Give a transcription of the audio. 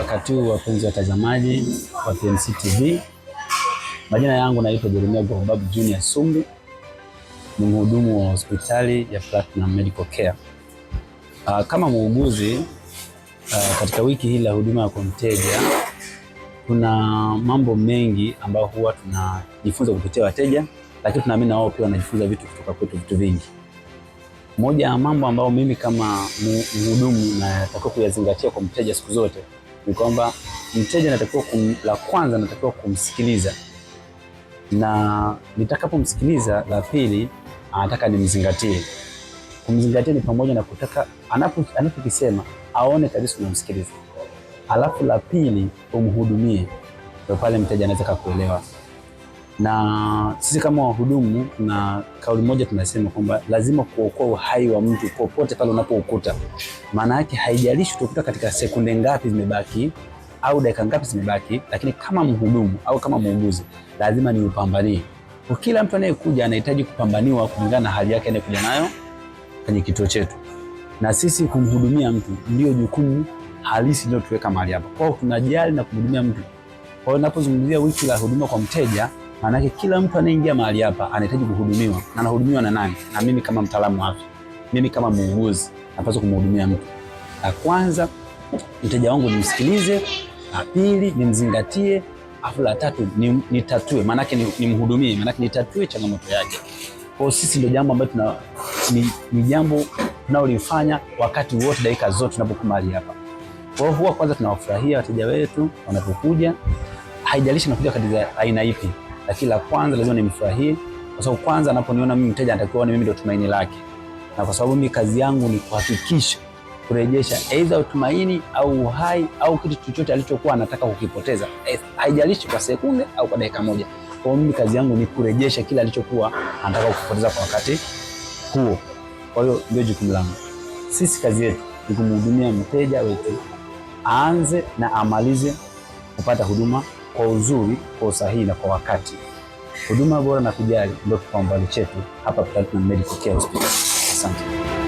wakati huu, wapenzi watazamaji wa PMC TV, majina yangu naitwa Jeremia Gobabu Junior Sumbi, ni mhudumu wa hospitali ya Platinum Medical Care. Uh, kama muuguzi uh, katika wiki hii la huduma kwa mteja kuna mambo mengi ambayo huwa tunajifunza kupitia wateja, lakini tunaamini na wao pia wanajifunza vitu kutoka kwetu, vitu vingi. Moja ya mambo ambayo mimi kama mhudumu natakiwa kuyazingatia kwa mteja siku zote ni kwamba mteja anatakiwa kum, la kwanza anatakiwa kumsikiliza, na nitakapomsikiliza, la pili anataka nimzingatie. Kumzingatia ni pamoja na kutaka anapokisema aone kabisa unamsikiliza, alafu la pili umhudumie, ndio pale mteja anaweza kukuelewa na sisi kama wahudumu na kauli moja tunasema kwamba lazima kuokoa uhai wa mtu popote pale unapoukuta. Maana yake haijalishi utakuta katika sekunde ngapi zimebaki au dakika ngapi zimebaki, lakini kama mhudumu au kama muuguzi lazima ni upambanie. Kwa kila mtu anayekuja anahitaji kupambaniwa kulingana na hali yake anayokuja nayo kwenye kituo chetu, na sisi kumhudumia mtu ndio jukumu halisi ndio tuweka mahali hapa. Kwa hiyo tunajali na kumhudumia mtu. Kwa hiyo ninapozungumzia wiki la huduma kwa mteja Maanake kila mtu anayeingia mahali hapa anahitaji kuhudumiwa, na anahudumiwa na nani? Na mimi kama mtaalamu wa afya, mimi kama muuguzi napaswa kumhudumia mtu. La kwanza mteja wangu nimsikilize, la pili nimzingatie, afu la tatu nitatue, maanake nimhudumie, maanake nitatue changamoto yake. Kwa hiyo sisi ndio jambo ambalo tuna ni, ni jambo tunalolifanya wakati wote, dakika zote tunapokuwa mahali hapa. Kwa hiyo huwa kwanza tunawafurahia wateja wetu wanapokuja, haijalishi nakuja katika aina ipi. Lakini la kwanza lazima nimfurahie, kwa sababu kwanza anaponiona mimi mteja anatakiwa ni mimi ndio tumaini lake, na kwa sababu mimi kazi yangu ni kuhakikisha kurejesha aidha utumaini au uhai au kitu chochote alichokuwa anataka kukipoteza, eh, haijalishi kwa sekunde au kwa dakika moja. Kwa mimi kazi yangu ni kurejesha kile alichokuwa anataka kukipoteza kwa wakati huo. Kwa hiyo ndio jukumu langu. Sisi kazi yetu ni kumhudumia mteja wetu aanze na amalize kupata huduma kwa uzuri, kwa usahihi na kwa wakati. Huduma bora na kujali ndio kipaumbele chetu hapa Platinum Medical Care Hospital. Asante.